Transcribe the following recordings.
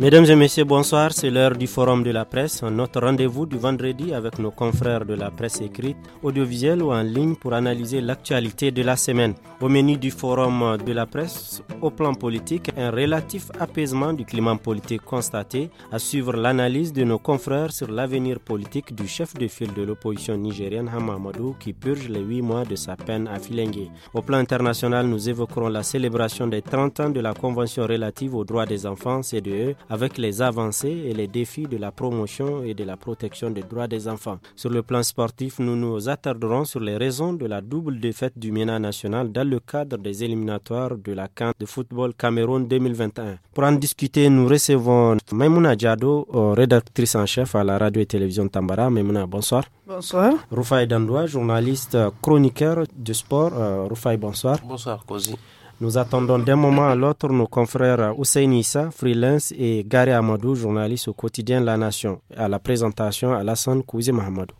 Mesdames et messieurs, bonsoir. C'est l'heure du Forum de la presse, notre rendez-vous du vendredi avec nos confrères de la presse écrite, audiovisuelle ou en ligne pour analyser l'actualité de la semaine. Au menu du Forum de la presse, au plan politique, un relatif apaisement du climat politique constaté, à suivre l'analyse de nos confrères sur l'avenir politique du chef de file de l'opposition nigérienne Hamamadou qui purge les huit mois de sa peine à Filengue. Au plan international, nous évoquerons la célébration des 30 ans de la Convention relative aux droits des enfants, CDE, avec les avancées et les défis de la promotion et de la protection des droits des enfants. Sur le plan sportif, nous nous attarderons sur les raisons de la double défaite du MENA national dans le cadre des éliminatoires de la campagne de football Cameroun 2021. Pour en discuter, nous recevons Maimouna Diado, euh, rédactrice en chef à la radio et télévision Tambara. Maimouna, bonsoir. Bonsoir. Rufai Dandoua, journaliste euh, chroniqueur de sport. Euh, Rufai, bonsoir. Bonsoir, Kosi. Nous attendons d'un moment à l'autre nos confrères Hussein Issa, freelance, et Gary Amadou, journaliste au quotidien La Nation. À la présentation, à Alassane Kouzi Mahamadou.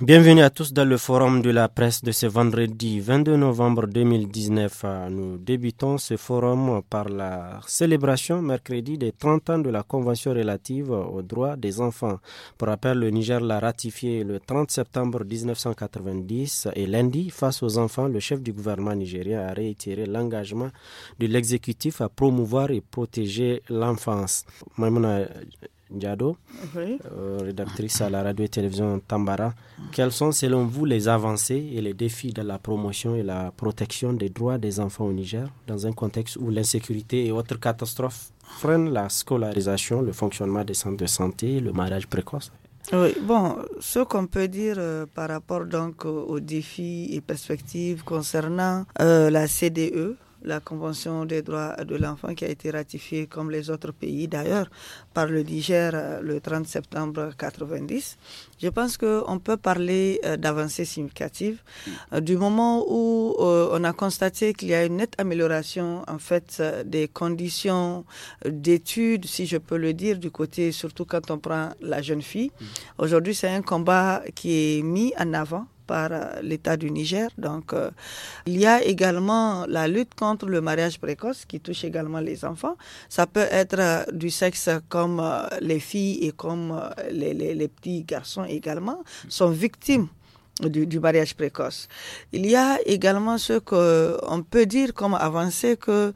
Bienvenue à tous dans le forum de la presse de ce vendredi 22 novembre 2019. Euh, nous débutons ce forum par la célébration mercredi des 30 ans de la Convention relative aux droits des enfants. Pour rappel, le Niger l'a ratifié le 30 septembre 1990 et lundi, face aux enfants, le chef du gouvernement nigérien a réitéré l'engagement de l'exécutif à promouvoir et protéger l'enfance. Diado, euh, rédactrice à la radio et télévision Tambara. Quelles sont selon vous les avancées et les défis de la promotion et la protection des droits des enfants au Niger dans un contexte où l'insécurité et autres catastrophes freinent la scolarisation, le fonctionnement des centres de santé, le mariage précoce oui, bon, ce qu'on peut dire euh, par rapport donc euh, aux défis et perspectives concernant la CDE, la Convention des droits de l'enfant qui a été ratifiée, comme les autres pays d'ailleurs, par le Niger euh, le 30 septembre 90. Je pense qu'on peut parler euh, d'avancées significatives euh, du moment où on a constaté qu'il y a une nette amélioration en fait des conditions d'études, si je peux le dire, du côté surtout quand on prend la jeune fille. Mmh. Aujourd'hui, c'est un combat qui est mis en avant par euh, l'État du Niger. Donc, euh, il y a également la lutte contre le mariage précoce qui touche également les enfants. Ça peut être euh, du sexe comme les filles et comme les, les, petits garçons également sont victimes du, mariage précoce. Il y a également ce que on peut dire comme avancer que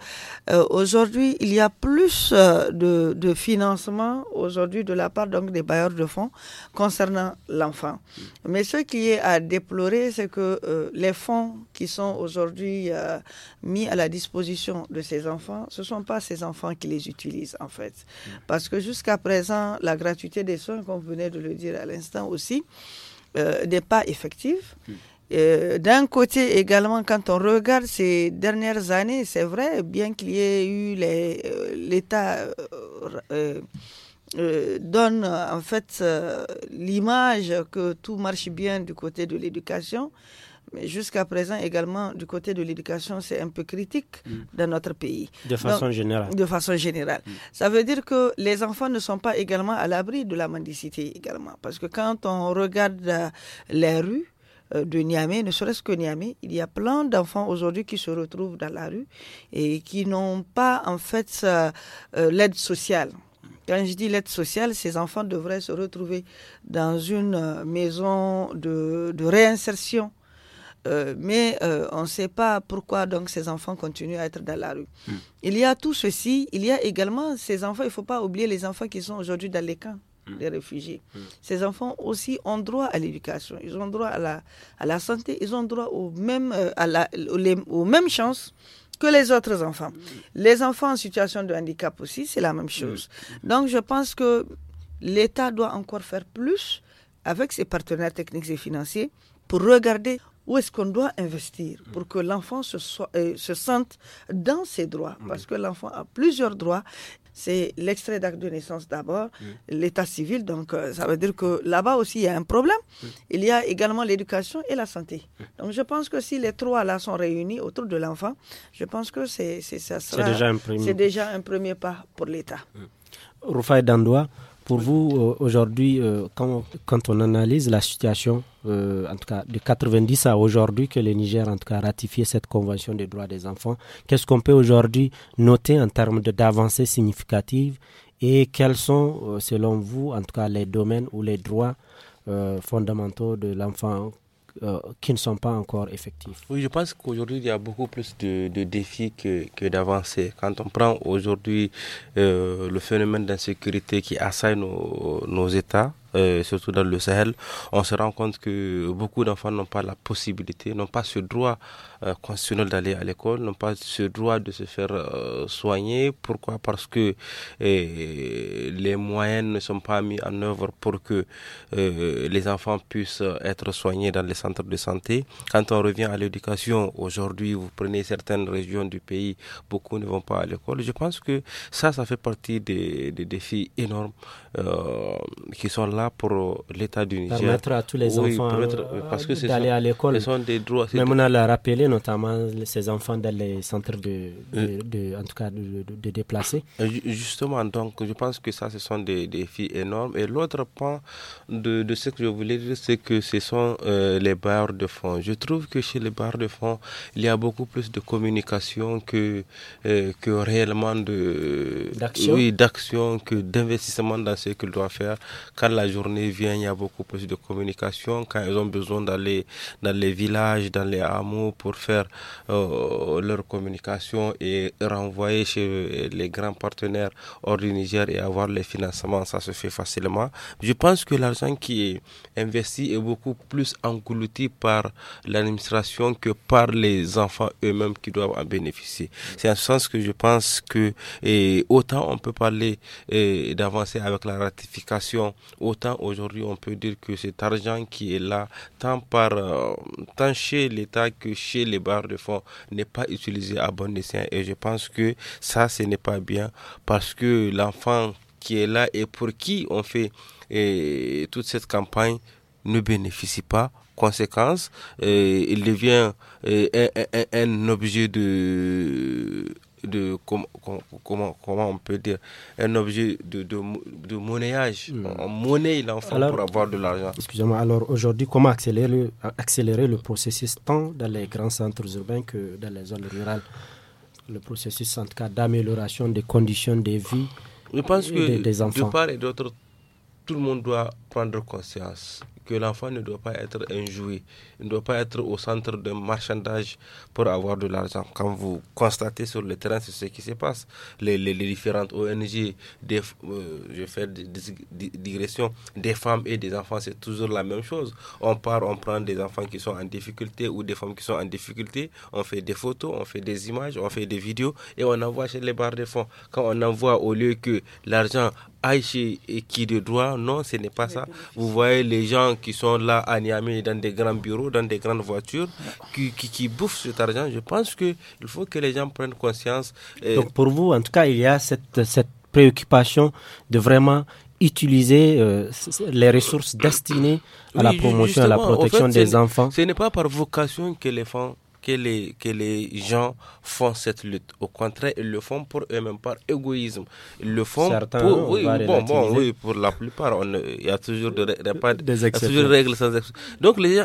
euh, aujourd'hui il y a plus euh, de, financement aujourd'hui de la part donc des bailleurs de fonds concernant l'enfant. Mais ce qui est à déplorer, c'est que euh, les fonds qui sont aujourd'hui mis à la disposition de ces enfants, ce sont pas ces enfants qui les utilisent en fait, parce que jusqu'à présent la gratuité des soins, comme venait de le dire à l'instant aussi. Des euh, pas effectifs. Euh, d'un côté également, quand on regarde ces dernières années, c'est vrai, bien qu'il y ait eu euh, l'État donne en fait l'image que tout marche bien du côté de l'éducation, mais jusqu'à présent également, du côté de l'éducation, c'est un peu critique mm. dans notre pays. De façon générale. De façon générale. Mm. Ça veut dire que les enfants ne sont pas également à l'abri de la mendicité également. Parce que quand on regarde euh, les rues, euh, de Niamey, ne serait-ce que Niamey, il y a plein d'enfants aujourd'hui qui se retrouvent dans la rue et qui n'ont pas en fait euh, l'aide sociale. Quand je dis l'aide sociale, ces enfants devraient se retrouver dans une maison de réinsertion euh, mais euh, on ne sait pas pourquoi donc ces enfants continuent à être dans la rue. Hmm. Il y a tout ceci. Il y a également ces enfants. Il ne faut pas oublier les enfants qui sont aujourd'hui dans les camps hmm. des réfugiés. Hmm. Ces enfants aussi ont droit à l'éducation, ils ont droit à la, à la santé, ils ont droit aux mêmes, euh, à la, aux mêmes chances que les autres enfants. Les enfants en situation de handicap aussi, c'est la même chose. Donc je pense que l'État doit encore faire plus avec ses partenaires techniques et financiers pour regarder où est-ce qu'on doit investir pour que l'enfant se, euh, sente dans ses droits Parce que l'enfant a plusieurs droits c'est l'extrait d'acte de naissance d'abord, l'état civil. Donc, euh, ça veut dire que là-bas aussi, il y a un problème. Il y a également l'éducation et la santé. Donc, je pense que si les trois là sont réunis autour de l'enfant, je pense que c'est, ça sera, c'est déjà, un premier pas pour l'État. Rufai Dandoua, pour vous, euh, aujourd'hui, euh, quand, on analyse la situation, euh, en tout cas de 90 à aujourd'hui, que le Niger en tout cas, a ratifié cette Convention des droits des enfants, qu'est-ce qu'on peut aujourd'hui noter en termes d'avancées significatives et quels sont, selon vous, en tout cas, les domaines ou les droits fondamentaux de l'enfant euh, qui ne sont pas encore effectifs Oui, je pense qu'aujourd'hui, il y a beaucoup plus de, défis que, que d'avancées. Quand on prend aujourd'hui euh, le phénomène d'insécurité qui assaille nos États, euh, surtout dans le Sahel, on se rend compte que beaucoup d'enfants n'ont pas la possibilité, n'ont pas ce droit euh, constitutionnel d'aller à l'école, n'ont pas ce droit de se faire euh, soigner. Pourquoi Parce que les moyens ne sont pas mis en œuvre pour que les enfants puissent être soignés dans les centres de santé. Quand on revient à l'éducation, aujourd'hui, vous prenez certaines régions du pays, beaucoup ne vont pas à l'école. Je pense que ça, ça fait partie des, des défis énormes euh, qui sont là pour l'État du Permettre à tous les oui, enfants euh, euh, d'aller à l'école. Ce sont des droits. Même on a rappelé notamment ces enfants dans les centres de, en tout cas de, déplacés. Justement, donc je pense que ça, ce sont des défis énormes. Et l'autre point de, ce que je voulais dire, c'est que ce sont les barres de fonds. Je trouve que chez les barres de fonds, il y a beaucoup plus de communication que, que réellement de d'action que d'investissement dans qu'ils doivent faire. Quand la journée vient, il y a beaucoup plus de communication. Quand ils ont besoin d'aller dans les villages, dans les hameaux pour faire euh, leur communication et renvoyer chez les grands partenaires hors du Niger et avoir les financements, ça se fait facilement. Je pense que l'argent qui est investi est beaucoup plus englouti par l'administration que par les enfants eux-mêmes qui doivent en bénéficier. C'est un sens que je pense que autant on peut parler d'avancer avec la ratification, autant aujourd'hui on peut dire que cet argent qui est là, tant, par, euh, tant chez l'État que chez les barres de fonds, n'est pas utilisé à bon escient. Et je pense que ça, ce n'est pas bien parce que l'enfant qui est là et pour qui on fait toute cette campagne ne bénéficie pas. Conséquence, euh, il devient euh, un objet de de comment comment on peut dire un objet de, de, de monnayage. On, monnaie l'enfant pour avoir de l'argent. Excusez-moi. Alors aujourd'hui, comment accélérer accélérer le processus tant dans les grands centres urbains que dans les zones rurales, le processus en tout cas d'amélioration des conditions de vie. Je pense que des, enfants. de part et d'autre, tout le monde doit prendre conscience l'enfant ne doit pas être un jouet, il ne doit pas être au centre d'un marchandage pour avoir de l'argent. Quand vous constatez sur le terrain, c'est ce qui se passe. Les, différentes ONG, des, euh, je fais des, digressions, des femmes et des enfants, c'est toujours la même chose. On part, on prend des enfants qui sont en difficulté ou des femmes qui sont en difficulté, on fait des photos, on fait des images, on fait des vidéos et on envoie chez les barres de fonds. Quand on envoie, au lieu que l'argent Aïchi et qui de droit. Non, ce n'est pas ça. Vous voyez les gens qui sont là à Niamey dans des grands bureaux, dans des grandes voitures, qui, qui, qui bouffent cet argent. Je pense qu'il faut que les gens prennent conscience. Euh, Donc pour vous, en tout cas, il y a cette, cette préoccupation de vraiment utiliser euh, les ressources destinées à la promotion, à la protection des enfants. Ce n'est pas par vocation que les enfants que les, que les gens font cette lutte. Au contraire, ils le font pour eux-mêmes, par égoïsme. Ils le font pour, oui, bon, bon, oui, pour la plupart. Il y a toujours pas, des de règles sans exception. Donc, les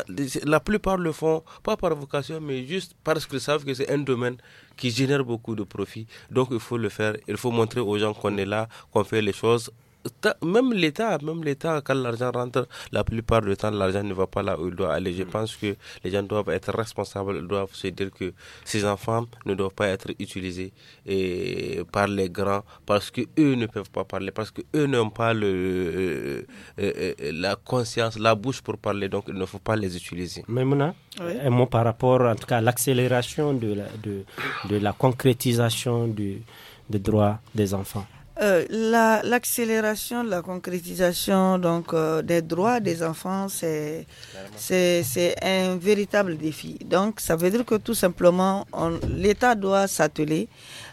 la plupart le font, pas par vocation, mais juste parce qu'ils savent que c'est un domaine qui génère beaucoup de profits. Donc, il faut le faire. Il faut montrer aux gens qu'on est là, qu'on fait les choses même l'État, même l'État, quand l'argent rentre, la plupart du temps, l'argent ne va pas là où il doit aller. Je mm. pense que les gens doivent être responsables, ils doivent se dire que ces enfants ne doivent pas être utilisés par les grands parce que eux ne peuvent pas parler, parce que eux n'ont pas le, euh, euh, euh, la conscience, la bouche pour parler, donc il ne faut pas les utiliser. Mais Mouna, un mot par rapport, en tout cas, à l'accélération de la, de, la concrétisation du, des droits des enfants. Euh, la L'accélération, de la, concrétisation donc euh, des droits des enfants, c'est c'est un véritable défi. Donc, ça veut dire que tout simplement, l'État doit s'atteler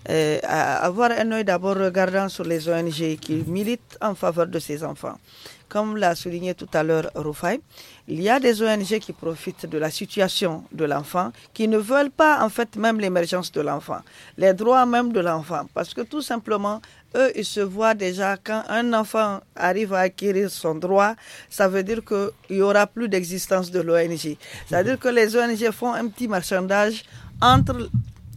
euh, avoir un œil d'abord regardant sur les ONG qui militent en faveur de ces enfants. Comme l'a souligné tout à l'heure Rufai, il y a des ONG qui profitent de la situation de l'enfant, qui ne veulent pas en fait même l'émergence de l'enfant, les droits même de l'enfant, parce que tout simplement, eux, ils se voient déjà quand un enfant arrive à acquérir son droit, ça veut dire qu'il n'y aura plus d'existence de l'ONG. C'est-à-dire que les ONG font un petit marchandage entre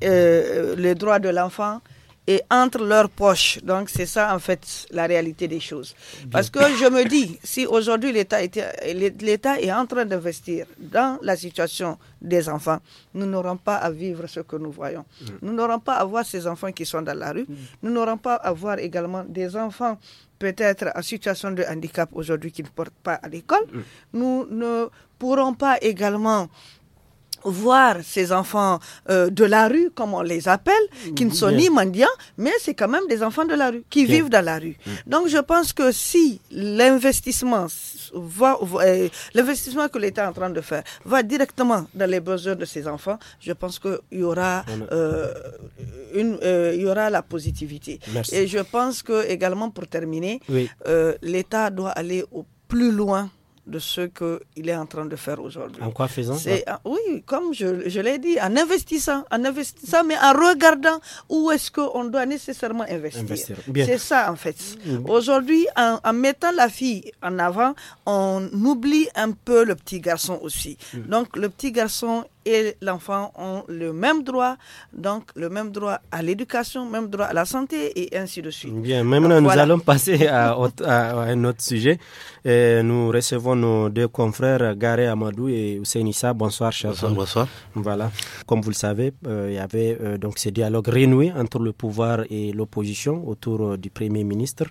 le euh, les droits de l'enfant et entre leurs poches. Donc c'est ça en fait la réalité des choses. Parce que je me dis, si aujourd'hui l'État est en train d'investir dans la situation des enfants, nous n'aurons pas à vivre ce que nous voyons. Mm. Nous n'aurons pas à voir ces enfants qui sont dans la rue. Mm. Nous n'aurons pas à voir également des enfants peut-être en situation de handicap aujourd'hui qui ne portent pas à l'école. Mm. Nous ne pourrons pas également voir ces enfants euh, de la rue, comme on les appelle, qui ne sont ni mendiants, mais c'est quand même des enfants de la rue, qui vivent dans la rue. Mm. Donc je pense que si l'investissement euh, l'investissement que l'État est en train de faire va directement dans les besoins de ces enfants, je pense qu'il y aura euh, une, euh, il y aura la positivité. Et je pense que également pour terminer, l'État doit aller au plus loin de ce qu'il est en train de faire aujourd'hui. En quoi faisant ah. Ah, Oui, comme je, l'ai dit, en investissant, en investissant, mais en regardant où est-ce qu'on doit nécessairement investir. C'est ça, en fait. Aujourd'hui, en, mettant la fille en avant, on oublie un peu le petit garçon aussi. Mm. Donc, le petit garçon, et l'enfant ont le même droit, donc le même droit à l'éducation, même droit à la santé et ainsi de suite. Bien, maintenant nous allons passer à, un autre sujet. nous recevons nos deux confrères Garé Amadou et Nissa. Bonsoir, chers bonsoir, bonsoir, Voilà. Comme vous le savez, euh, il y avait euh, donc ce dialogue renoué entre le pouvoir et l'opposition autour euh, du Premier ministre.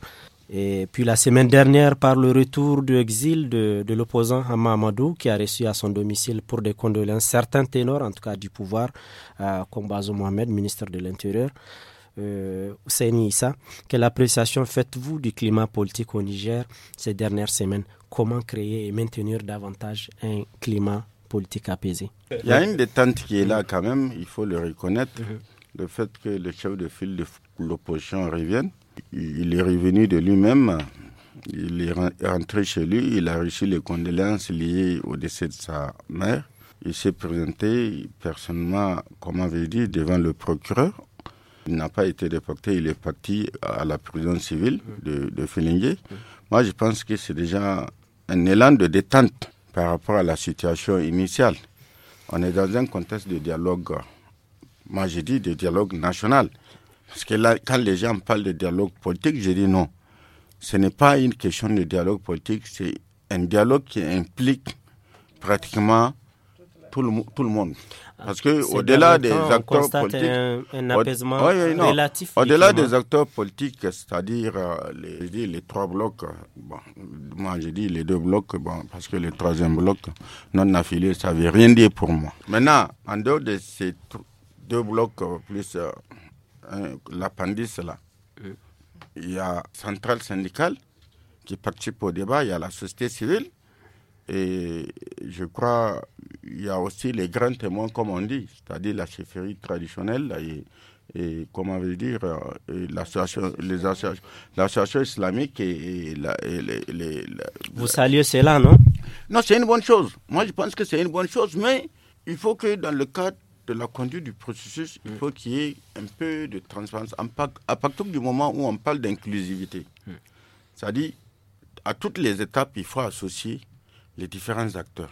Et puis la semaine dernière, par le retour de l'exil de, l'opposant Hamamadou, qui a reçu à son domicile pour des condoléances certains ténors, en tout cas du pouvoir, euh, comme Bazo Mohamed, ministre de l'Intérieur, euh, Issa, quelle appréciation faites-vous du climat politique au Niger ces dernières semaines Comment créer et maintenir davantage un climat politique apaisé Il y a une détente qui est là quand même, il faut le reconnaître. Mhm. Le fait que le chef de file de l'opposition revienne, il est revenu de lui-même. Il est rentré chez lui. Il a reçu les condoléances liées au décès de sa mère. Il s'est présenté personnellement, comme on avait dit, devant le procureur. Il n'a pas été déporté, il est parti à la prison civile de, de Moi, je pense que c'est déjà un élan de détente par rapport à la situation initiale. On est dans un contexte de dialogue, moi je dit de dialogue national. Parce que là, quand les gens parlent de dialogue politique, je dis non. Ce n'est pas une question de dialogue politique, c'est un dialogue qui implique pratiquement tout le, tout le monde. Parce que au-delà des acteurs politiques, un, un apaisement relatif. Au-delà des acteurs politiques, c'est-à-dire euh, les, trois blocs, bon, moi j'ai dit les deux blocs, bon, parce que le troisième bloc non affilié, ça ne veut rien dire pour moi. Maintenant, en dehors de ces deux blocs euh, plus euh, l'appendice là. Il y a centrale syndicale qui participe au débat, il y a la société civile et je crois il y a aussi les grands témoins comme on dit, c'est-à-dire la chefferie traditionnelle et, et comment veut dire euh, l'association les associations, islamique et, les, vous saluez cela non Non, c'est une bonne chose. Moi je pense que c'est une bonne chose mais il faut que dans le cadre de la conduite du processus, il mm. faut qu'il y ait un peu de transparence. À partir du moment où on parle d'inclusivité, mm. c'est-à-dire à toutes les étapes, il faut associer les différents acteurs.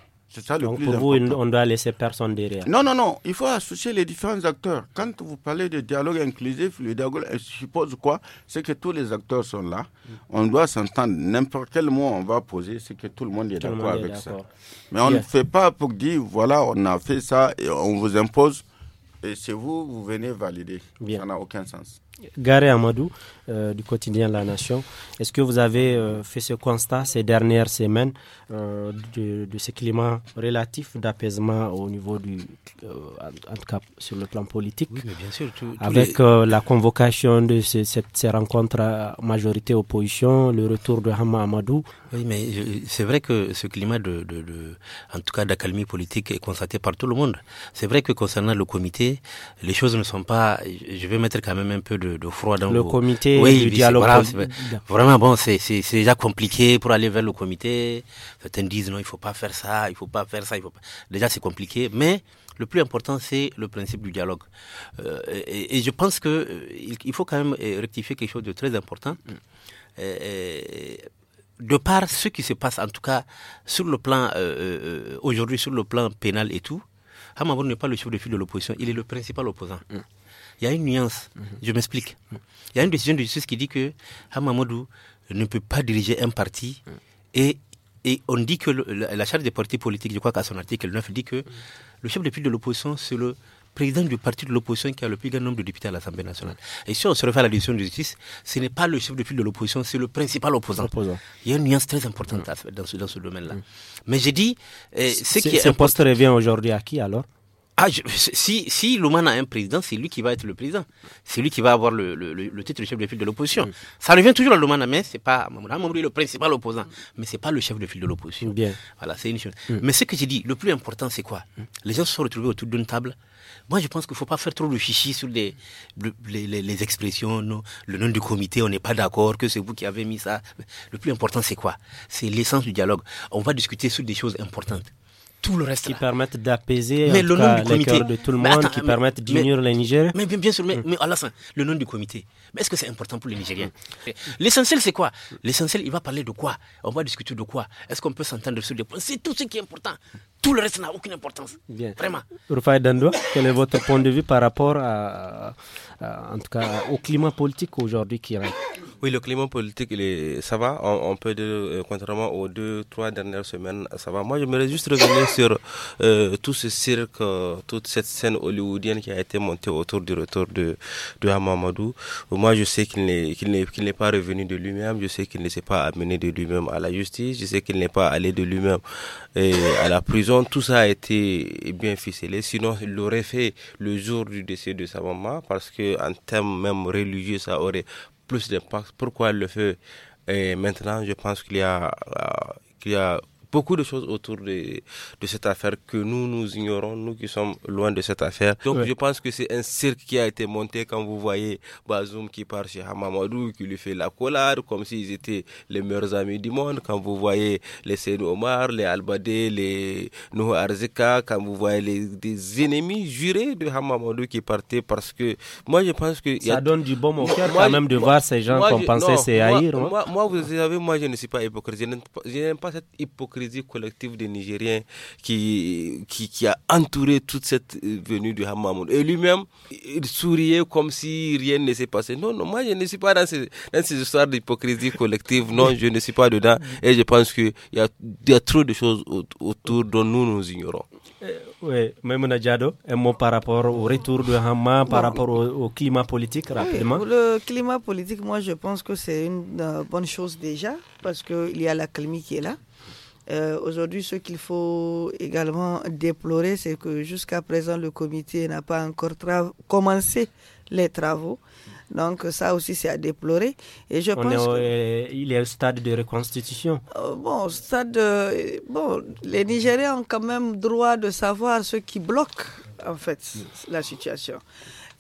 Donc pour vous, on doit laisser personne derrière. Non, non, non. Il faut associer les différents acteurs. Quand vous parlez de dialogue inclusif, le dialogue suppose quoi C'est que tous les acteurs sont là. Mm. On doit s'entendre. N'importe quel mot on va poser, c'est que tout le monde est d'accord avec ça. Mais on ne fait pas pour dire, voilà, on a fait ça et on vous impose. Et c'est vous, vous venez valider. Ça n'a aucun sens. Gare Amadou, euh, du quotidien La Nation, est-ce que vous avez euh, fait ce constat ces dernières semaines euh, de, ce climat relatif d'apaisement au niveau du, en tout cas sur le plan politique, bien sûr, avec la convocation de ces, rencontres majorité opposition, le retour de Hama Amadou Oui, mais c'est vrai que ce climat de, en tout cas d'accalmie politique est constaté par tout le monde. C'est vrai que concernant le comité, les choses ne sont pas, je vais mettre quand même un peu de de, froid le comité oui, du dialogue. vraiment, bon, c'est déjà compliqué pour aller vers le comité. Certains disent non, il faut pas faire ça, il faut pas faire ça. Il faut Déjà, c'est compliqué, mais le plus important, c'est le principe du dialogue. Euh, et, je pense que euh, il faut quand même euh, rectifier quelque chose de très important. de par ce qui se passe, en tout cas sur le plan aujourd'hui, sur le plan pénal et tout, Hamabou n'est pas le chef de file de l'opposition, il est le principal opposant. Mm il y a une nuance. Mhm. Je m'explique. Il y a une décision de justice qui dit que Hamamadou ne peut pas diriger un parti mhm. et, et on dit que la, charte des partis politiques, je crois qu'à son article 9, dit que mhm. le chef de de l'opposition, c'est le président du parti de l'opposition qui a le plus grand nombre de députés à l'Assemblée nationale. Et si on se refait à la décision de justice, ce n'est pas le chef de file de l'opposition, c'est le principal opposant. Il y a une nuance très importante dans ce, domaine-là. Mais j'ai dit, eh, ce qui est, revient aujourd'hui à qui alors ah, si, si a un président, c'est lui qui va être le président. C'est lui qui va avoir le, titre de chef de file de l'opposition. Mm. Ça revient toujours à Lumana, mais c'est pas le principal opposant, mm. mais c'est pas le chef de file de l'opposition. Bien. Voilà, c'est une chose. Mm. Mais ce que j'ai dit, le plus important, c'est quoi Les gens se sont retrouvés autour d'une table. Moi, je pense qu'il ne faut pas faire trop le chichi sur les, expressions, le nom du comité, on n'est pas d'accord, que c'est vous qui avez mis ça. Le plus important, c'est quoi C'est l'essence du dialogue. On va discuter sur des choses importantes tout le reste. Qui permettent d'apaiser mais le de tout le monde, qui permettent d'unir les Nigériens. Mais bien, sûr, mais, mm. mais Alassane, le nom du comité, mais est-ce que c'est important pour les Nigériens mm. eh, L'essentiel, c'est quoi L'essentiel, il va parler de quoi On va discuter de quoi Est-ce qu'on peut s'entendre sur des points C'est tout ce qui est important. Tout le reste n'a aucune importance. Bien. Vraiment. Rufai Dandoua, quel est votre point de vue par rapport à, en tout cas, au climat politique aujourd'hui qui règne oui, le climat politique, ça va. On, peut, dire, euh, contrairement aux deux, trois dernières semaines, ça va. Moi, je voudrais juste revenir sur euh, tout ce cirque, euh, toute cette scène hollywoodienne qui a été montée autour du retour de, de Hamamadou. Moi, je sais qu'il n'est, qu'il n'est, qu'il n'est pas revenu de lui-même. Je sais qu'il ne s'est pas amené de lui-même à la justice. Je sais qu'il n'est pas allé de lui-même à la prison. Donc tout ça a été eh bien ficelé. Sinon, il l'aurait fait le jour du décès de sa maman, parce que en termes même religieux, ça aurait plus d'impact. Pourquoi elle le fait maintenant Je pense qu'il y a, euh, qu'il y a beaucoup de choses autour de, de cette affaire que nous, nous ignorons, nous qui sommes loin de cette affaire. Donc je pense que c'est un cirque qui a été monté quand vous voyez Bazoum qui part chez Hamamadou, qui lui fait la collade, comme s'ils étaient les meilleurs amis du monde. Quand vous voyez les Seine Omar, les Albadé, les Nouh quand vous voyez les, des ennemis jurés de Hamamadou qui partaient parce que moi je pense que... Ça donne du bon au cœur quand même de voir ces gens qu'on pensait c'est haïr. Moi, hein. moi, moi, vous savez, moi je ne suis pas hypocrite. Je n'aime pas cette hypocrisie l'hypocrisie collective des Nigériens qui, qui, a entouré toute cette venue du Hamamoun. Et lui-même, il souriait comme si rien ne s'est passé. Non, non, moi je ne suis pas dans ces, dans ces histoires d'hypocrisie collective. Non, je ne suis pas dedans. Et je pense qu'il y a, y a trop de choses autour dont nous nous ignorons. Eh, oui, même Nadjado un mot par rapport au retour de Hama, par rapport au, climat politique, eh, rapidement. le climat politique, moi, je pense que c'est une euh, bonne chose déjà, parce qu'il y a la calmie qui est là. Euh, aujourd'hui, ce qu'il faut également déplorer, c'est que jusqu'à présent, le comité n'a pas encore commencé les travaux. Donc ça aussi, c'est à déplorer. Et je pense euh, il est au stade de reconstitution. Euh, bon, stade. bon, les Nigériens ont quand même droit de savoir ce qui bloque en fait la situation.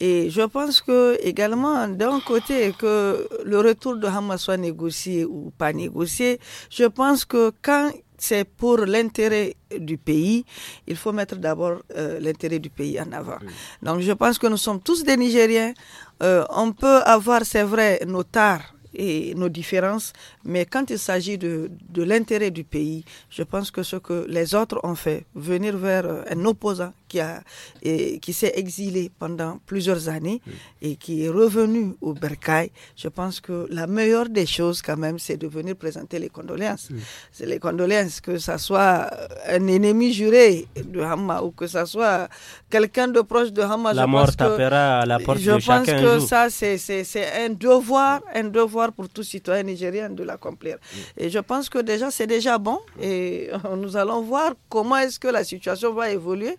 Et je pense que également d'un côté que le retour de Hamas soit négocié ou pas négocié, je pense que quand c'est pour l'intérêt du pays, il faut mettre d'abord euh, l'intérêt du pays en avant. Donc je pense que nous sommes tous des Nigériens. Euh, on peut avoir, c'est vrai, nos tares et nos différences, mais quand il s'agit de, de l'intérêt du pays, je pense que ce que les autres ont fait, venir vers euh, un opposant qui, a, et, qui s'est exilé pendant plusieurs années et qui est revenu au Bercail, je pense que la meilleure des choses quand même, c'est de venir présenter les condoléances. C'est les condoléances, que ça soit euh, un ennemi juré de Hamma ou que ça soit quelqu'un de proche de Hamma. La mort tapera à la porte de chacun. Je pense que ça, c'est un devoir, un devoir pour tout citoyen nigérien de l'accomplir. Et je pense que déjà, c'est déjà bon et nous allons voir comment est-ce que la situation va évoluer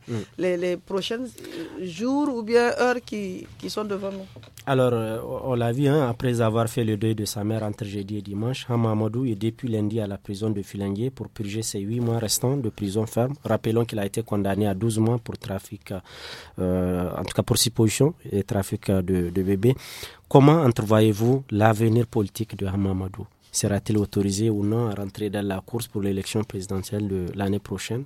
les, prochains euh, jours ou bien heures qui, sont devant nous Alors, euh, on l'a vu, hein, après avoir fait le deuil de sa mère entre jeudi et dimanche, Hamamadou hein, est depuis lundi à la prison de Fulangué pour purger ses huit mois restants de prison ferme. Rappelons qu'il a été condamné à 12 mois pour trafic, euh, en tout cas pour supposition et trafic de, de bébés. Comment entrevoyez-vous l'avenir politique de Hamamadou Sera-t-il autorisé ou non à rentrer dans la course pour l'élection présidentielle de l'année prochaine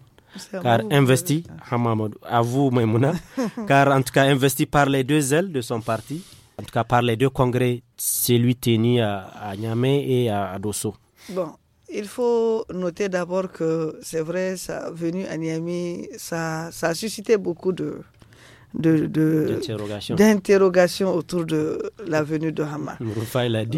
car investi, ah, à vous Maimouna, car en tout cas investi par les deux ailes de son parti, en tout cas par les deux congrès, celui tenu à, Niamey et à, Dosso. Bon, il faut noter d'abord que c'est vrai, sa venue à Niamey, ça, ça a suscité beaucoup de, autour de la venue de Hamas.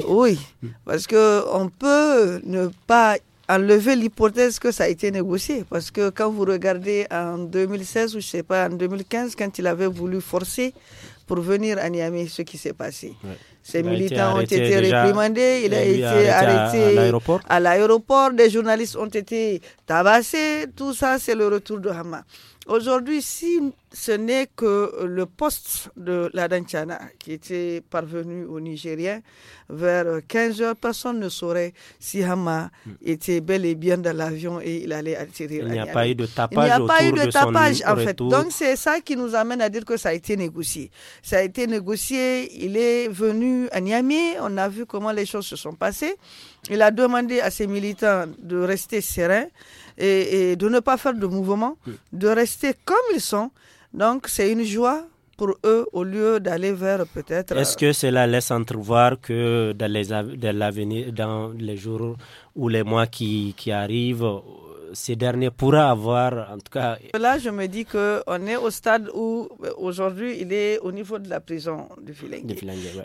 Oui, mm. parce que on peut ne pas enlever l'hypothèse que ça a été négocié. Parce que quand vous regardez en 2016 ou je sais pas, en 2015, quand il avait voulu forcer pour venir à Niamey, ce qui s'est passé. Ses Ces militants ont été réprimandés, il a été arrêté à l'aéroport, des journalistes ont été tabassés, tout ça c'est le retour de Hamas. Aujourd'hui, si ce n'est que le poste de la qui était parvenu au Nigérien, vers 15 heures, personne ne saurait si Hama hmm. était bel et bien dans l'avion et il allait atterrir. Il n'y a pas eu de tapage. autour de, son en fait. Retour. Donc, c'est ça qui nous amène à dire que ça a été négocié. Ça a été négocié. Il est venu à Niamey. On a vu comment les choses se sont passées. Il a demandé à ses militants de rester sereins et, de ne pas faire de mouvement, de rester comme ils sont. Donc c'est une joie pour eux au lieu d'aller vers peut-être. Est-ce que cela laisse entrevoir que dans les, dans, dans les jours ou les mois qui, qui arrivent, ces derniers pourra avoir, en tout cas. Là, je me dis qu'on est au stade où aujourd'hui, il est au niveau de la prison du Filengue.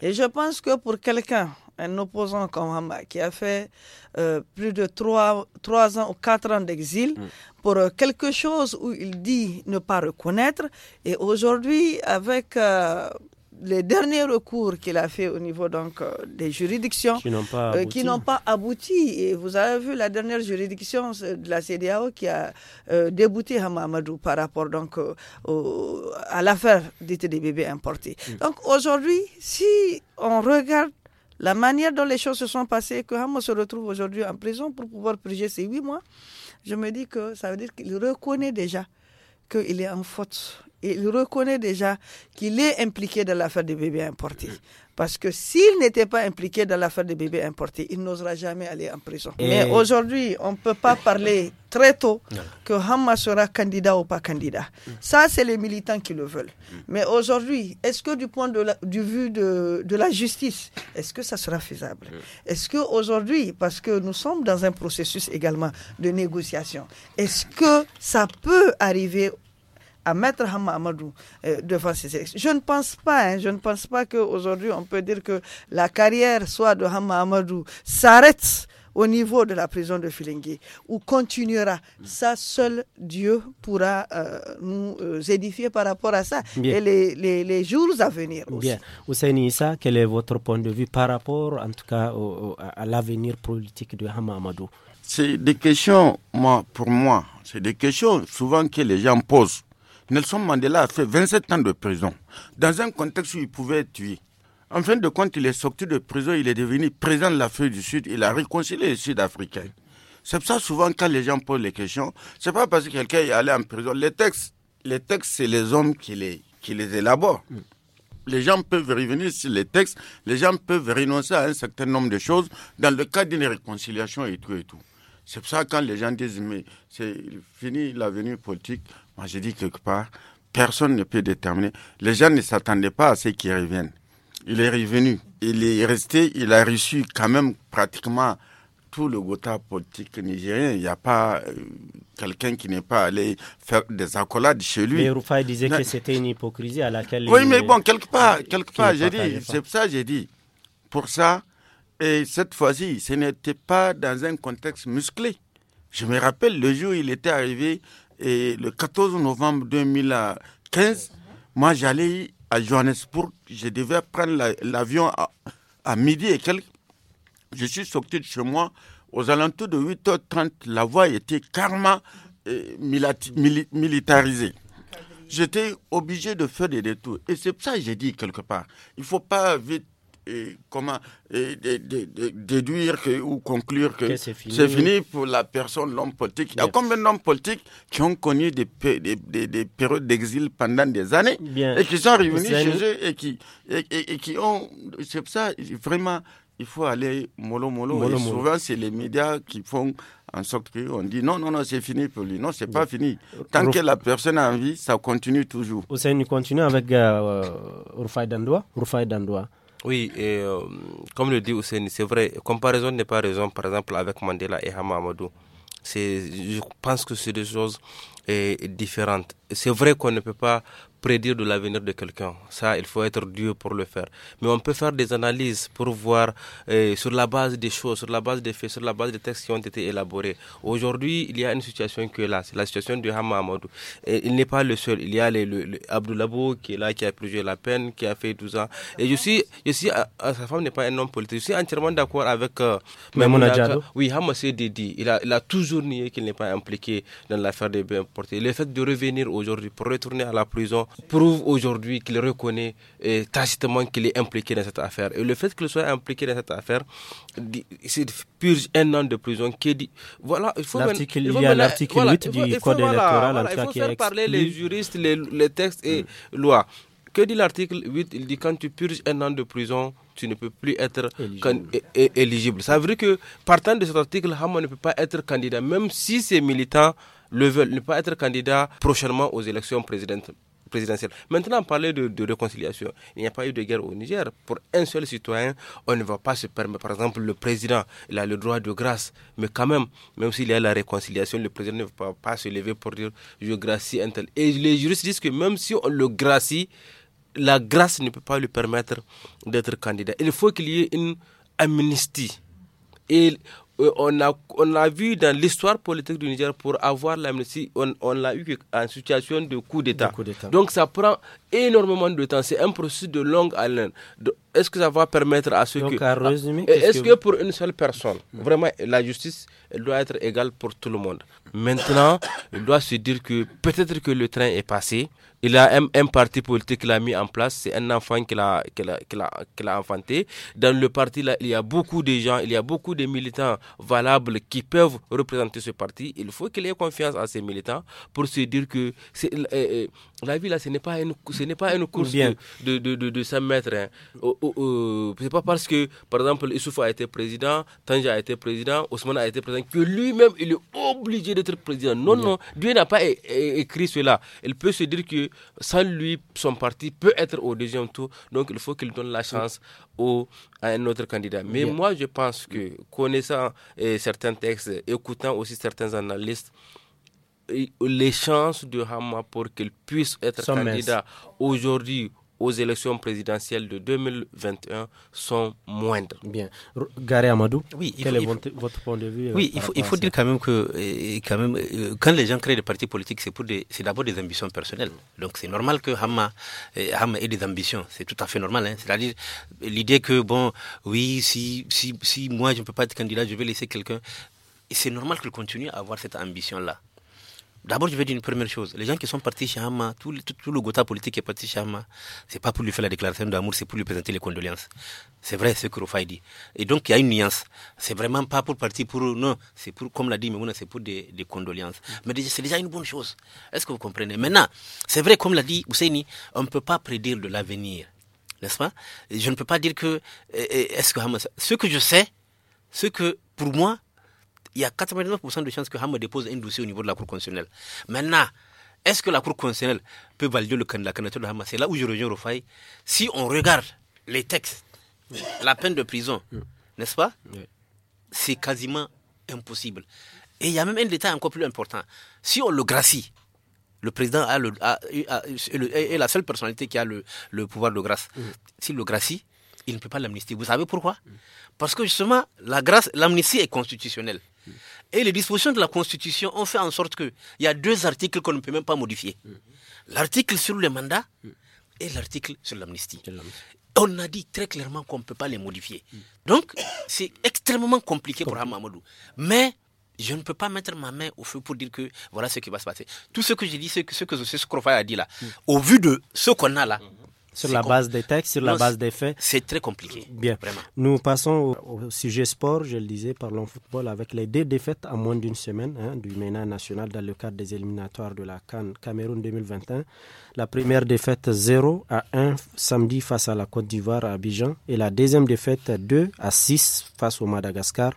Et je pense que pour quelqu'un, un opposant comme Hamba, qui a fait euh, plus de trois trois ans ou quatre ans d'exil mm. pour euh, quelque chose où il dit ne pas reconnaître, et aujourd'hui, avec... Euh, les derniers recours qu'il a fait au niveau donc euh, des juridictions qui euh, n'ont pas, abouti. Et vous avez vu la dernière juridiction euh, de la CDAO qui a débouté débouté Hamamadou par rapport donc à l'affaire dite des bébés importés. Mm. Donc aujourd'hui, si on regarde la manière dont les choses se sont passées, que Hamadou se retrouve aujourd'hui en prison pour pouvoir purger ses huit mois, je me dis que ça veut dire qu'il reconnaît déjà qu'il est en faute il reconnaît déjà qu'il est impliqué dans l'affaire des bébés importés. Parce que s'il n'était pas impliqué dans l'affaire des bébés importés, il n'osera jamais aller en prison. Mais aujourd'hui, on ne peut pas parler très tôt que Hamas sera candidat ou pas candidat. Ça, c'est les militants qui le veulent. Mais aujourd'hui, est-ce que du point de vue de, de la justice, est-ce que ça sera faisable Est-ce que aujourd'hui, parce que nous sommes dans un processus également de négociation, est-ce que ça peut arriver à mettre Hamadou devant ses élections. Je ne pense pas, hein, je ne pense pas qu'aujourd'hui on peut dire que la carrière soit de Hamadou s'arrête au niveau de la prison de Filingue, ou continuera. Hmm. Ça, seul Dieu pourra euh, nous euh, édifier par rapport à ça et les, jours à venir aussi. Bien. Ousseini Issa, quel est votre point de vue par rapport, en tout cas, à l'avenir politique de Hamadou C'est des questions, moi, pour moi, c'est des questions souvent que les gens posent. Nelson Mandela a fait 27 ans de prison, dans un contexte où il pouvait être tué. En fin de compte, il est sorti de prison, il est devenu président de l'Afrique du Sud, il a réconcilié les Sud-Africains. C'est pour ça souvent quand les gens posent les questions, c'est pas parce que quelqu'un est allé en prison. Les textes, les textes, c'est les hommes qui les, élaborent. Mm. Les gens peuvent revenir sur les textes, les gens peuvent renoncer à un certain nombre de choses dans le cadre d'une réconciliation et tout et tout. C'est pour ça quand les gens disent mais c'est fini l'avenir politique, moi, j'ai dit quelque part, personne ne peut déterminer. Les gens ne s'attendaient pas à ce qu'il revienne. Il est revenu. Il est resté. Il a reçu quand même pratiquement tout le gotha politique nigérien. Il n'y a pas euh, quelqu'un qui n'est pas allé faire des accolades chez lui. Mais Rufai disait que c'était une hypocrisie à laquelle. Oui, mais bon, quelque part, quelque part, j'ai dit, c'est ça j'ai dit. Pour ça, et cette fois-ci, ce n'était pas dans un contexte musclé. Je me rappelle le jour où il était arrivé, et le 14 novembre 2015, moi j'allais à Johannesburg, je devais prendre l'avion à, midi et quelques. Je suis sorti de chez moi aux alentours de 8h30. La voie était carrément euh, militarisée. J'étais obligé de faire des détours. Et c'est ça que j'ai dit quelque part. Il ne faut pas vite et comment et de, déduire ou conclure que, c'est fini. pour la personne, l'homme politique. Il y a combien d'hommes politiques qui ont connu des, des, des, périodes d'exil pendant des années et qui sont revenus chez eux et qui, et, et, qui ont. C'est ça, vraiment, il faut aller mollo mollo. et souvent, c'est les médias qui font en sorte qu'on dit non, non, non, c'est fini pour lui. Non, c'est pas fini. Tant que la personne a envie, ça continue toujours. Hussein, continue avec Rufaï euh, Rufai Dandoua. Rufai oui, euh, comme le dit Hussein, c'est vrai, comparaison n'est pas raison, par exemple, avec Mandela et Hamadou, Je pense que c'est des choses eh, différentes c'est vrai qu'on ne peut pas prédire de l'avenir de quelqu'un. Ça, il faut être Dieu pour le faire. Mais on peut faire des analyses pour voir euh, sur la base des choses, sur la base des faits, sur la base des textes qui ont été élaborés. Aujourd'hui, il y a une situation qui est là. C'est la situation de Hama Et il n'est pas le seul. Il y a Abdoulabou le, qui est là, qui a purgé la peine, qui a fait 12 ans. Et je suis, je suis euh, euh, sa femme n'est pas un homme politique. Je suis entièrement d'accord avec euh, Oui, Hama s'est dédié. Il a, il a toujours nié qu'il n'est pas impliqué dans l'affaire des biens portés. Le fait de revenir au aujourd'hui pour retourner à la prison prouve aujourd'hui qu'il reconnaît euh, tacitement qu'il est impliqué dans cette affaire. Et le fait qu'il soit impliqué dans cette affaire, c'est purge un an de prison qui dit voilà il faut l'article y a l'article 8 du code électoral il faut, faire parler les juristes les, textes et mm. lois que dit l'article 8 il dit quand tu purges un an de prison tu ne peux plus être éligible, ça veut dire que partant de cet article Hamon ne peut pas être candidat même si ses militants le veulent, ne pas être candidat prochainement aux élections présidentielles Maintenant, parler de, de réconciliation. Il n'y a pas eu de guerre au Niger. Pour un seul citoyen, on ne va pas se permettre. Par exemple, le président, il a le droit de grâce, mais quand même, même s'il y a la réconciliation, le président ne va pas se lever pour dire je gracie un tel. Et les juristes disent que même si on le gracie, la grâce ne peut pas lui permettre d'être candidat. Il faut qu'il y ait une amnistie. Et euh, on a, a vu dans l'histoire politique du Niger pour avoir l'amnistie, on, on l'a eu en situation de coup d'État. Donc ça prend énormément de temps. C'est un processus de longue haleine est-ce que ça va permettre à ceux Donc, que... Ah, est-ce que, pour une seule personne, vraiment, la justice elle doit être égale pour tout le monde Maintenant, il doit se dire que peut-être que le train est passé. Il a un, parti politique qu'il a mis en place, c'est un enfant qu'il a, inventé. a, Dans le parti, là, il y a beaucoup de gens, il y a beaucoup de militants valables qui peuvent représenter ce parti. Il faut qu'il ait confiance à ces militants pour se dire que euh, euh, la vie là, ce n'est pas une, pas une course de, de, de, 100 mètres. Hein. pas parce que, par exemple, Issoufou a été président, Tanja a été président, Ousmane a été président, que lui-même, il est obligé d'être président. Non, non, Dieu n'a pas écrit cela. Il peut se dire que sans lui, son parti peut être au deuxième tour. Donc, il faut qu'il donne la chance au, à un autre candidat. Mais moi, je pense que, connaissant eh, certains textes, écoutant aussi certains analystes, les chances de Hamma pour qu'il puisse être candidat aujourd'hui aux élections présidentielles de 2021 sont moindres. Bien. Gary Amadou, quel est votre point de vue Oui, euh, il faut, il faut dire quand même que euh, euh, quand, les gens créent des partis politiques, c'est d'abord des ambitions personnelles. Donc c'est normal que Hamma ait des ambitions. C'est tout à fait normal. Hein. C'est-à-dire l'idée que, bon, oui, si, si, si moi je ne peux pas être candidat, je vais laisser quelqu'un. C'est normal qu'il continue à avoir cette ambition-là. D'abord, je vais dire une première chose. Les gens qui sont partis chez Hamma, tout, tout, le gotha politique qui est parti chez Hama, c'est pas pour lui faire la déclaration d'amour, c'est pour lui présenter les condoléances. C'est vrai ce que Rufai dit. Et donc, il y a une nuance. C'est vraiment pas pour partir pour, non, c'est pour, comme l'a dit Memouna, c'est pour des, des condoléances. Mais c'est déjà une bonne chose. Est-ce que vous comprenez? Maintenant, c'est vrai, comme l'a dit Ousseini, on ne peut pas prédire de l'avenir. N'est-ce pas? Je ne peux pas dire que, eh, eh, est-ce que Hama, ce que je sais, ce que, pour moi, il y a 99% de chances que Hamad dépose un dossier au niveau de la Cour constitutionnelle. Maintenant, est-ce que la Cour constitutionnelle peut valider le, la candidature de Hamad C'est là où je rejoins Rofaï. Si on regarde les textes, la peine de prison, n'est-ce pas C'est quasiment impossible. Et il y a même un détail encore plus important. Si on le gracie, le président est la seule personnalité qui a le, pouvoir de grâce. S'il le gracie, il ne peut pas l'amnistier. Vous savez pourquoi Parce que justement, la grâce, l'amnistie est constitutionnelle. Et les dispositions de la Constitution ont fait en sorte qu'il y a deux articles qu'on ne peut même pas modifier. L'article sur le mandat et l'article sur l'amnistie. On a dit très clairement qu'on ne peut pas les modifier. Donc, c'est extrêmement compliqué pour Hamamadou. Mais je ne peux pas mettre ma main au feu pour dire que voilà ce qui va se passer. Tout ce que j'ai dit, ce que, ce que José Scrofa a dit là, mm. au vu de ce qu'on a là, mm-hmm. Sur la base des textes, sur la base des faits. C'est très compliqué. Bien. Vraiment. Nous passons au, sujet sport, je le disais, parlons football avec les deux défaites à moins d'une semaine hein, du MENA national dans le cadre des éliminatoires de la Cannes Cameroun 2021. La première défaite 0 à 1 samedi face à la Côte d'Ivoire à Abidjan et la deuxième défaite 2 à 6 face au Madagascar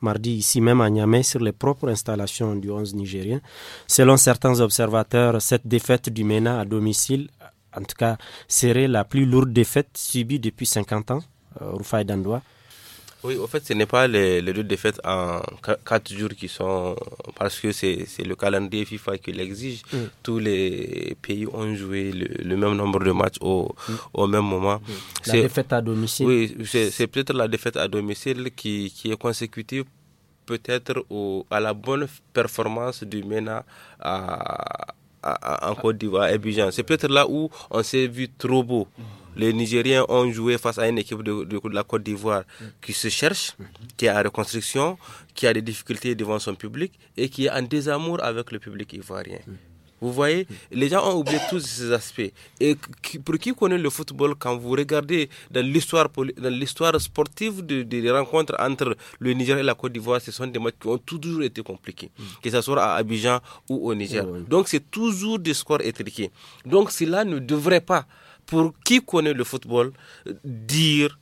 mardi ici même à Niamey sur les propres installations du 11 nigérien. Selon certains observateurs, cette défaite du MENA à domicile en tout cas, serait la plus lourde défaite subie depuis 50 ans, euh, Rufai Dandoa. oui, en fait, ce n'est pas les, deux défaites en quatre jours qui sont. Parce que c'est le calendrier FIFA qui l'exige. Mm. Tous les pays ont joué le, même nombre de matchs au, mm. même moment. Mm. La défaite à domicile Oui, c'est peut-être la défaite à domicile qui, qui est consécutive peut-être à la bonne performance du MENA à, en Côte d'Ivoire, à C'est peut-être là où on s'est vu trop beau. Les Nigériens ont joué face à une équipe de, de, de la Côte d'Ivoire qui se cherche, qui est en reconstruction, qui a des difficultés devant son public et qui est en désamour avec le public ivoirien. Vous voyez, les gens ont oublié tous ces aspects. Et pour qui connaît le football, quand vous regardez dans l'histoire, sportive des rencontres entre le Niger et la Côte d'Ivoire, ce sont des matchs qui ont toujours été compliqués, mm. que ce soit à Abidjan ou au Niger. Donc c'est toujours des scores étriqués. Donc cela ne devrait pas, pour qui connaît le football, dire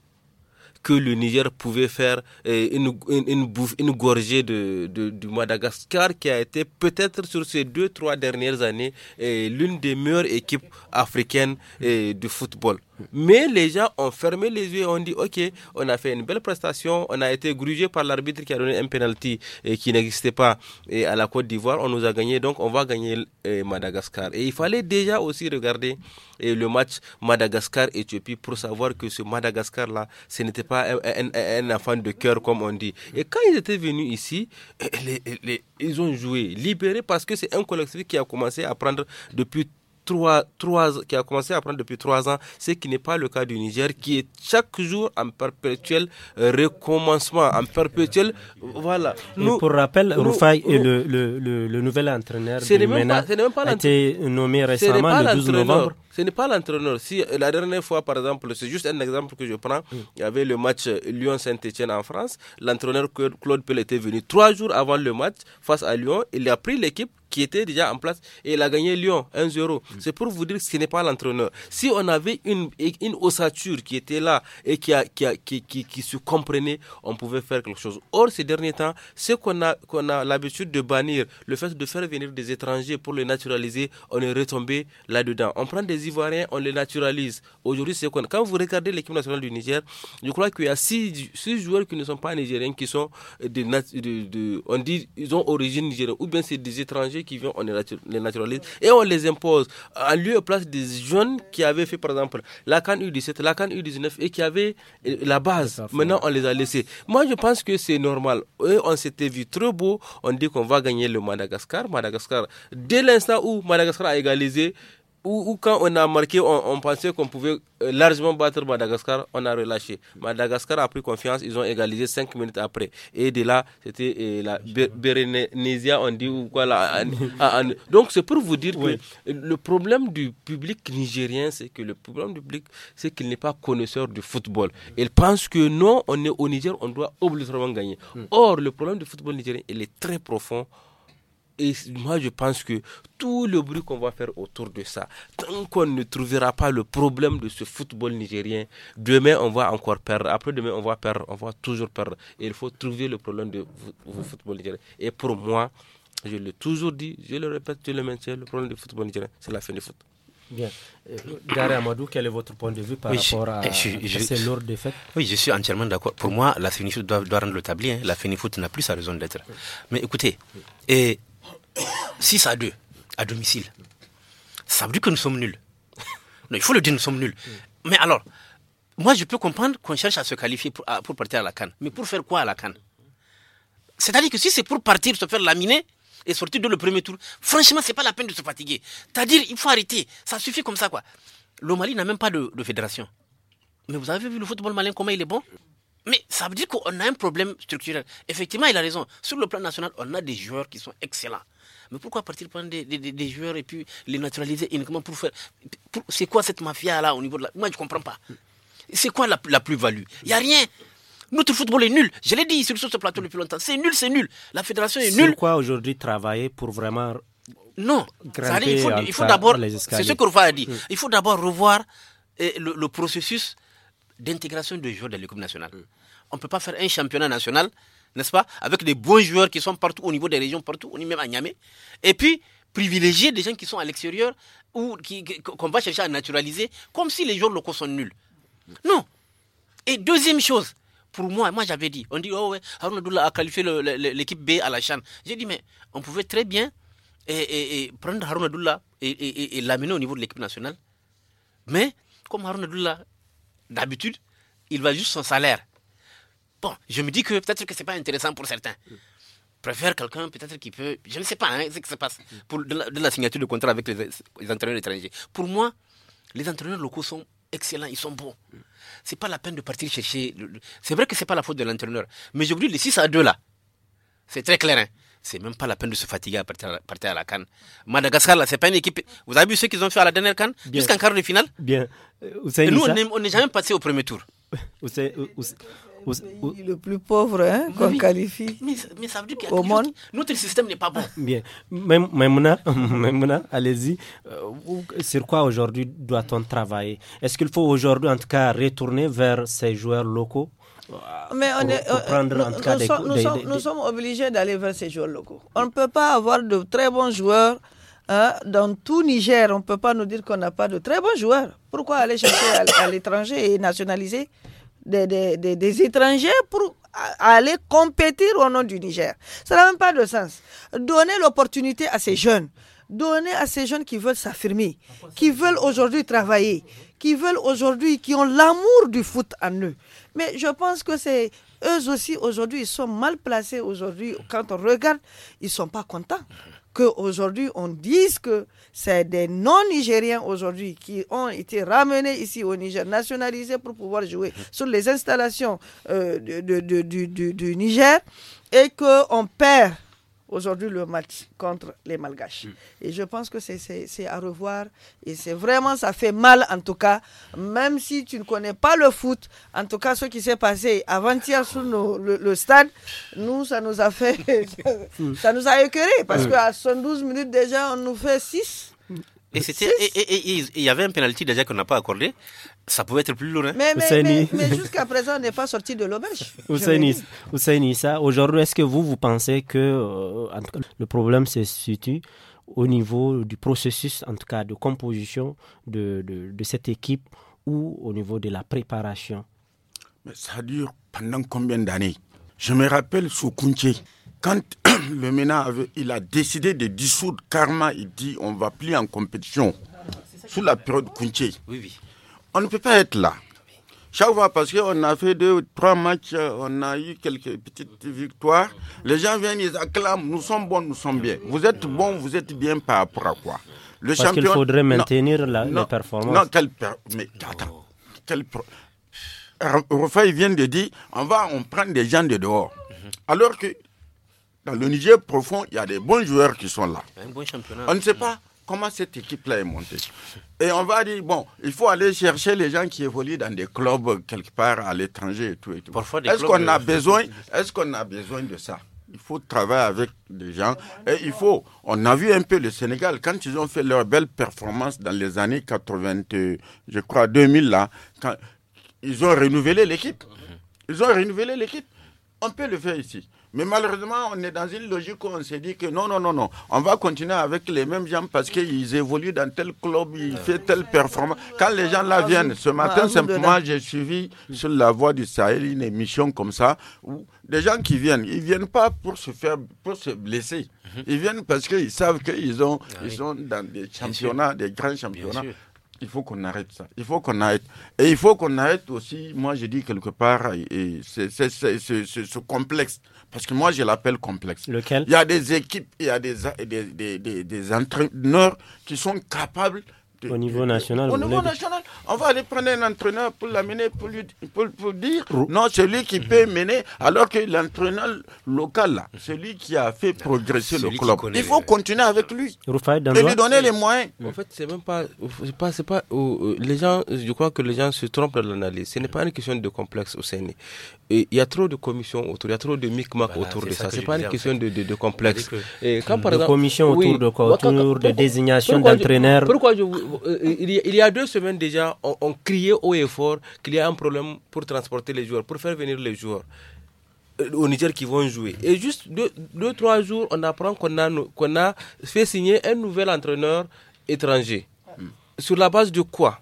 que le Niger pouvait faire euh, une, bouffe, une gorgée de, du Madagascar qui a été peut-être sur ces deux, trois dernières années euh, l'une des meilleures équipes africaines euh, de football. Mais les gens ont fermé les yeux et ont dit Ok, on a fait une belle prestation, on a été grugé par l'arbitre qui a donné un penalty qui n'existait pas et à la Côte d'Ivoire, on nous a gagné, donc on va gagner Madagascar. Et il fallait déjà aussi regarder le match Madagascar-Éthiopie pour savoir que ce Madagascar-là, ce n'était pas un, enfant de cœur, comme on dit. Et quand ils étaient venus ici, ils ont joué libéré parce que c'est un collectif qui a commencé à prendre depuis trois, trois, qui a commencé à prendre depuis trois ans, ce qui n'est pas le cas du Niger, qui est chaque jour en perpétuel euh, recommencement, en perpétuel. Voilà. Nous, pour rappel, Roufaï est le, le, le, nouvel entraîneur ce du a été nommé récemment le 12 novembre. Ce n'est pas l'entraîneur. Si euh, la dernière fois, par exemple, c'est juste un exemple que je prends, mm. il y avait le match euh, Lyon-Saint-Etienne en France. L'entraîneur Claude Pell était venu trois jours avant le match face à Lyon. Il a pris l'équipe qui était déjà en place et il a gagné Lyon 1-0. Mm. C'est pour vous dire que ce n'est pas l'entraîneur. Si on avait une, une ossature qui était là et qui, a, qui, a, qui, qui, qui, se comprenait, on pouvait faire quelque chose. Or, ces derniers temps, ce qu'on a, qu'on a l'habitude de bannir, le fait de faire venir des étrangers pour les naturaliser, on est retombé là-dedans. On prend des Ivoiriens, on les naturalise. Aujourd'hui, c'est Quand vous regardez l'équipe nationale du Niger, je crois qu'il y a six, joueurs qui ne sont pas nigériens, qui sont des... De, de, on dit, ils ont origine nigérienne, ou bien c'est des étrangers qui vient on les naturalise et on les impose à lieu et place des jeunes qui avaient fait, par exemple, la U17, la U19 et qui avaient euh, la base. Maintenant, on les a laissés. Moi, je pense que c'est normal. on s'était vu trop beau. On dit qu'on va gagner le Madagascar. Madagascar, dès l'instant où Madagascar a égalisé, ou, quand on a marqué, on, pensait qu'on pouvait euh, largement battre Madagascar, on a relâché. Madagascar a pris confiance, ils ont égalisé cinq minutes après. Et de là, c'était euh, la Berenésia, on dit, ou quoi là. donc c'est pour vous dire que le problème du public nigérien, c'est que le problème du public, c'est qu'il n'est pas connaisseur du football. Il pense que non, on est au Niger, on doit obligatoirement gagner. Hmm. Or, le problème du football nigérien, il est très profond. Et moi, je pense que tout le bruit qu'on va faire autour de ça, tant qu'on ne trouvera pas le problème de ce football nigérien, demain, on va encore perdre. Après demain, on va perdre. On va toujours perdre. Et il faut trouver le problème du football nigérien. Et pour moi, je l'ai toujours dit, je le répète, je le maintiens, le problème du football nigérien, c'est la fin du foot. Bien. Euh, Gary Amadou, quel est votre point de vue par oui, rapport à, ces lourdes Oui, je suis entièrement d'accord. Pour moi, la du foot doit, rendre le tablier. Hein. La foot n'a plus sa raison d'être. Mais écoutez, et 6 à 2 à domicile. Ça veut dire que nous sommes nuls. il faut le dire, nous sommes nuls. Mm. Mais alors, moi, je peux comprendre qu'on cherche à se qualifier pour, partir à la canne. Mais pour faire quoi à la canne C'est-à-dire que si c'est pour partir, se faire laminer et sortir de le premier tour, franchement, c'est pas la peine de se fatiguer. C'est-à-dire, il faut arrêter. Ça suffit comme ça, quoi. Le Mali n'a même pas de, de fédération. Mais vous avez vu le football malien, comment il est bon mais ça veut dire qu'on a un problème structurel. Effectivement, il a raison. Sur le plan national, on a des joueurs qui sont excellents. Mais pourquoi partir prendre des, des, joueurs et puis les naturaliser uniquement pour faire. c'est quoi cette mafia-là au niveau de la. Moi, je ne comprends pas. C'est quoi la, plus-value Il n'y a rien. Notre football est nul. Je l'ai dit sur ce plateau depuis longtemps. C'est nul, c'est nul. La fédération est nulle. Pourquoi aujourd'hui travailler pour vraiment. Non, il faut, d'abord. C'est ce qu'on a dit. Mm. Il faut d'abord revoir eh, le, processus d'intégration des joueurs de l'équipe nationale. Mm. On ne peut pas faire un championnat national n'est-ce pas Avec des bons joueurs qui sont partout, au niveau des régions, partout, même à Niamey. Et puis, privilégier des gens qui sont à l'extérieur ou qu'on va chercher à naturaliser, comme si les joueurs locaux sont nuls. Non. Et deuxième chose, pour moi, moi j'avais dit, on dit, oh ouais, Haroun a qualifié l'équipe B à la chaîne. J'ai dit, mais on pouvait très bien prendre Haroun Adoula et, et l'amener au niveau de l'équipe nationale. Mais comme Haroun Adoula, d'habitude, il va juste son salaire je me dis que peut-être que ce n'est pas intéressant pour certains. Préfère quelqu'un peut-être qui peut... Je ne sais pas hein, ce qui se passe pour de la, signature de contrat avec les, entraîneurs étrangers. Pour moi, les entraîneurs locaux sont excellents, ils sont bons. C'est pas la peine de partir chercher. C'est vrai que c'est pas la faute de l'entraîneur. Mais aujourd'hui, les 6 à 2 là, c'est très clair. Hein c'est même pas la peine de se fatiguer à partir, à, la canne. Madagascar, là, c'est pas une équipe. Vous avez vu ceux qu'ils ont fait à la dernière canne Jusqu'en quart de finale Bien. Euh, nous, on n'est jamais passé au premier tour. le plus pauvre hein, qu'on qualifie mais, mais, ça veut dire qu'il au monde. Notre système n'est pas bon. Ah, bien. Maimouna, allez-y. Euh, sur quoi aujourd'hui doit-on travailler Est-ce qu'il faut aujourd'hui, en tout cas, retourner vers ces joueurs locaux euh, mais on est, nous, sommes, obligés d'aller vers ces joueurs locaux. On ne peut pas avoir de très bons joueurs hein, dans tout Niger. On ne peut pas nous dire qu'on n'a pas de très bons joueurs. Pourquoi aller chercher à l'étranger et nationaliser des, étrangers pour aller compétir au nom du Niger. Ça n'a même pas de sens. Donner l'opportunité à ces jeunes, donner à ces jeunes qui veulent s'affirmer, qui veulent aujourd'hui travailler, qui veulent aujourd'hui, qui ont l'amour du foot en eux. Mais je pense que c'est eux aussi aujourd'hui, ils sont mal placés aujourd'hui. Quand on regarde, ils ne sont pas contents qu'aujourd'hui on dise que c'est des non-nigériens aujourd'hui qui ont été ramenés ici au Niger, nationalisés pour pouvoir jouer sur les installations euh, de, du, du Niger et qu'on perd aujourd'hui le match contre les Malgaches. Mm. Et je pense que c'est à revoir. Et c'est vraiment, ça fait mal en tout cas, même si tu ne connais pas le foot, en tout cas ce qui s'est passé avant-hier sur le, stade, nous, ça nous a fait, mm. ça, nous a écœuré parce mm. qu'à 72 minutes déjà, on nous fait 6. Et il y avait un penalty déjà qu'on n'a pas accordé. Ça pouvait être plus lourd. Hein? Mais, jusqu'à présent, on n'est pas sorti de l'auberge. Ousseini, ça, aujourd'hui, est-ce que vous, vous pensez que euh, le problème se situe au niveau du processus, en tout cas, de composition de, cette équipe ou au niveau de la préparation Mais ça dure pendant combien d'années Je me rappelle sous Kunche, quand le MENA il a décidé de dissoudre Karma, il dit on va plus en compétition. Sous la période Kunche. Oui, oui. On ne peut pas être là. Chaque fois, parce qu'on a fait deux, trois matchs, euh, on a eu quelques petites victoires. Les gens viennent, ils acclament, nous sommes bons, nous sommes bien. Vous êtes bons, vous êtes bien par rapport à quoi Le Parce qu'il faudrait maintenir la, performance. Non, quel mais attends, vient de dire, on va, on prend des gens de dehors. Mhm. Alors que dans le Niger profond, il y a des bons joueurs qui sont là. Un bon championnat. On ne sait pas comment cette équipe-là est montée. Et on va dire, bon, il faut aller chercher les gens qui évoluent dans des clubs quelque part à l'étranger et tout. Est-ce qu'on a, euh, besoin, est qu'on a besoin de ça il faut travailler avec des gens. Et il faut. On a vu un peu le Sénégal quand ils ont fait leur belle performance dans les années 80, je crois 2000 là, quand ils ont renouvelé l'équipe. Ils ont renouvelé l'équipe. On peut le faire ici. Mais malheureusement, on est dans une logique où on s'est dit que non, non, non, non, on va continuer avec les mêmes gens parce qu'ils évoluent dans tel club, ils font telle performance. Quand les gens là viennent, ce matin simplement, j'ai suivi sur la voie du Sahel une émission comme ça où des gens qui viennent, ils viennent pas pour se faire, pour se blesser. Mhm. Ils viennent parce qu'ils savent qu'ils ont, ah ils sont dans des championnats, des grands championnats. Il faut qu'on arrête ça. Il faut qu'on arrête. Et il faut qu'on arrête aussi, moi je dis quelque part, et c'est ce complexe parce que moi, je l'appelle complexe. Lequel Il y a des équipes, il y a des, des, entraîneurs qui sont capables au niveau national Au niveau national, on va aller prendre un entraîneur pour l'amener, pour, lui, dire non, celui qui peut mener, alors que l'entraîneur local, là, celui qui a fait progresser le club, il faut continuer avec lui et lui donner les moyens. En fait, c'est même pas. pas, euh, euh, les gens, je crois que les gens se trompent dans l'analyse. Ce n'est pas une question de complexe au Séné il y a trop de commissions autour, il y a trop de micmac autour de ça. Ce n'est pas une question de, de, complexe. et quand, par de commissions autour de quoi Autour de désignation d'entraîneurs Pourquoi, il, y a, deux semaines déjà, on, criait haut et fort qu'il y a un problème pour transporter les joueurs, pour faire venir les joueurs euh, au Niger qui vont jouer. Et juste deux, deux trois jours, on apprend qu'on a, qu'on a fait signer un nouvel entraîneur étranger. Hmm. Sur la base de quoi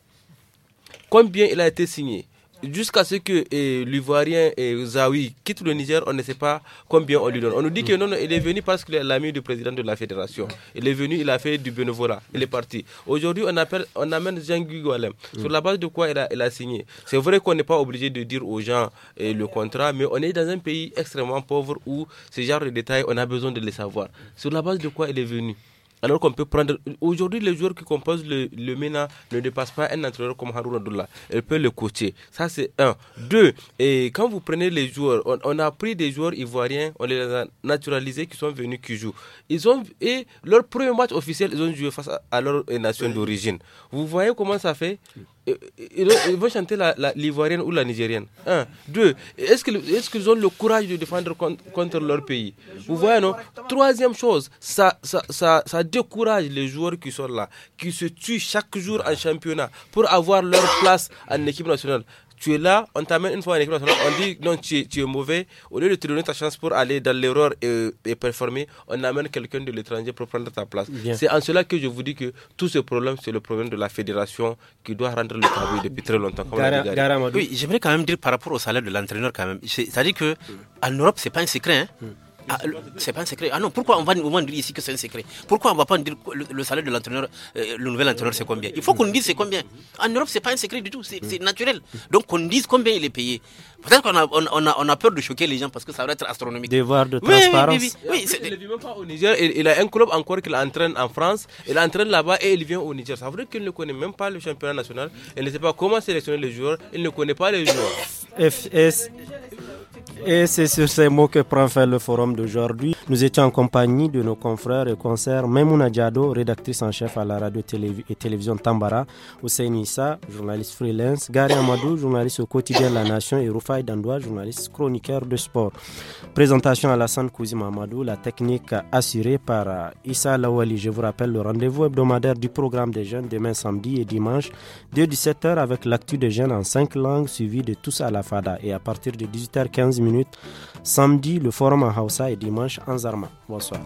Combien il a été signé jusqu'à ce que eh, l'Ivoirien eh, Zawi quitte le Niger, on ne sait pas combien on lui donne. On nous dit que non, non il est venu parce qu'il est l'ami du président de la fédération. Il est venu, il a fait du bénévolat, il est parti. Aujourd'hui, on, appelle, on amène Jean-Guy mm. Sur la base de quoi il a, signé C'est vrai qu'on n'est pas obligé de dire aux gens eh, le contrat, mais on est dans un pays extrêmement pauvre où ce genre de détails, on a besoin de les savoir. Sur la base de quoi il est venu alors qu'on peut prendre. Aujourd'hui, les joueurs qui composent le, le MENA ne dépassent pas un entraîneur comme Haroun Abdullah. Elle peut le coacher. Ça, c'est un. Deux, et quand vous prenez les joueurs, on, a pris des joueurs ivoiriens, on les a naturalisés qui sont venus, qui jouent. Ils ont, et leur premier match officiel, ils ont joué face à leur nation d'origine. Vous voyez comment ça fait euh, ils, vont chanter l'ivoirienne ou la nigérienne. Un. Deux, est-ce qu'ils est ont le courage de défendre contre, leur pays Vous voyez, non Troisième chose, ça, ça, ça, ça, décourage les joueurs qui sont là, qui se tuent chaque jour en championnat pour avoir leur place en équipe nationale tu es là, on t'amène une fois à équipe on dit non, tu es, mauvais. Au lieu de te donner ta chance pour aller dans l'erreur et, performer, on amène quelqu'un de l'étranger pour prendre ta place. C'est en cela que je vous dis que tout ce problème, c'est le problème de la fédération qui doit rendre le travail depuis très longtemps. oui, j'aimerais quand même dire par rapport au salaire de l'entraîneur quand même. C'est-à-dire que mm. en Europe, c'est pas un secret. Hein. Mm. Ah, c'est pas un secret. Ah non, pourquoi on va, nous va dire ici que c'est un secret Pourquoi on va pas dire le, salaire de l'entraîneur, euh, le nouvel entraîneur, c'est combien Il faut qu'on dise c'est combien. En Europe, c'est pas un secret du tout, c'est naturel. Donc qu'on dise combien il est payé. Peut-être qu'on a, on a, peur de choquer les gens parce que ça va être astronomique. Devoir de transparence. Oui, oui, il ne vit même pas au Niger. Il, il a un club encore qu'il entraîne en France. Il entraîne là-bas et il vient au Niger. Ça veut dire qu'il ne connaît même pas le championnat national. Il ne sait pas comment sélectionner les joueurs. Il ne connaît pas les joueurs. FS. Et c'est sur ces mots que prend fin le forum d'aujourd'hui. Nous étions en compagnie de nos confrères et concerts Memouna Diado, rédactrice en chef à la radio et télévision Tambara, Hussein Issa, journaliste freelance, Gary Amadou, journaliste au quotidien La Nation et Rufai Dandoua, journaliste chroniqueur de sport. Présentation à la Sainte Cousine Amadou, la technique assurée par Issa Lawali. Je vous rappelle le rendez-vous hebdomadaire du programme des jeunes demain samedi et dimanche 2 17h avec l'actu des jeunes en 5 langues suivi de tous à la FADA et à partir de 18h15 minutes. Samedi, le forum à Hausa et dimanche en Zarma. Bonsoir.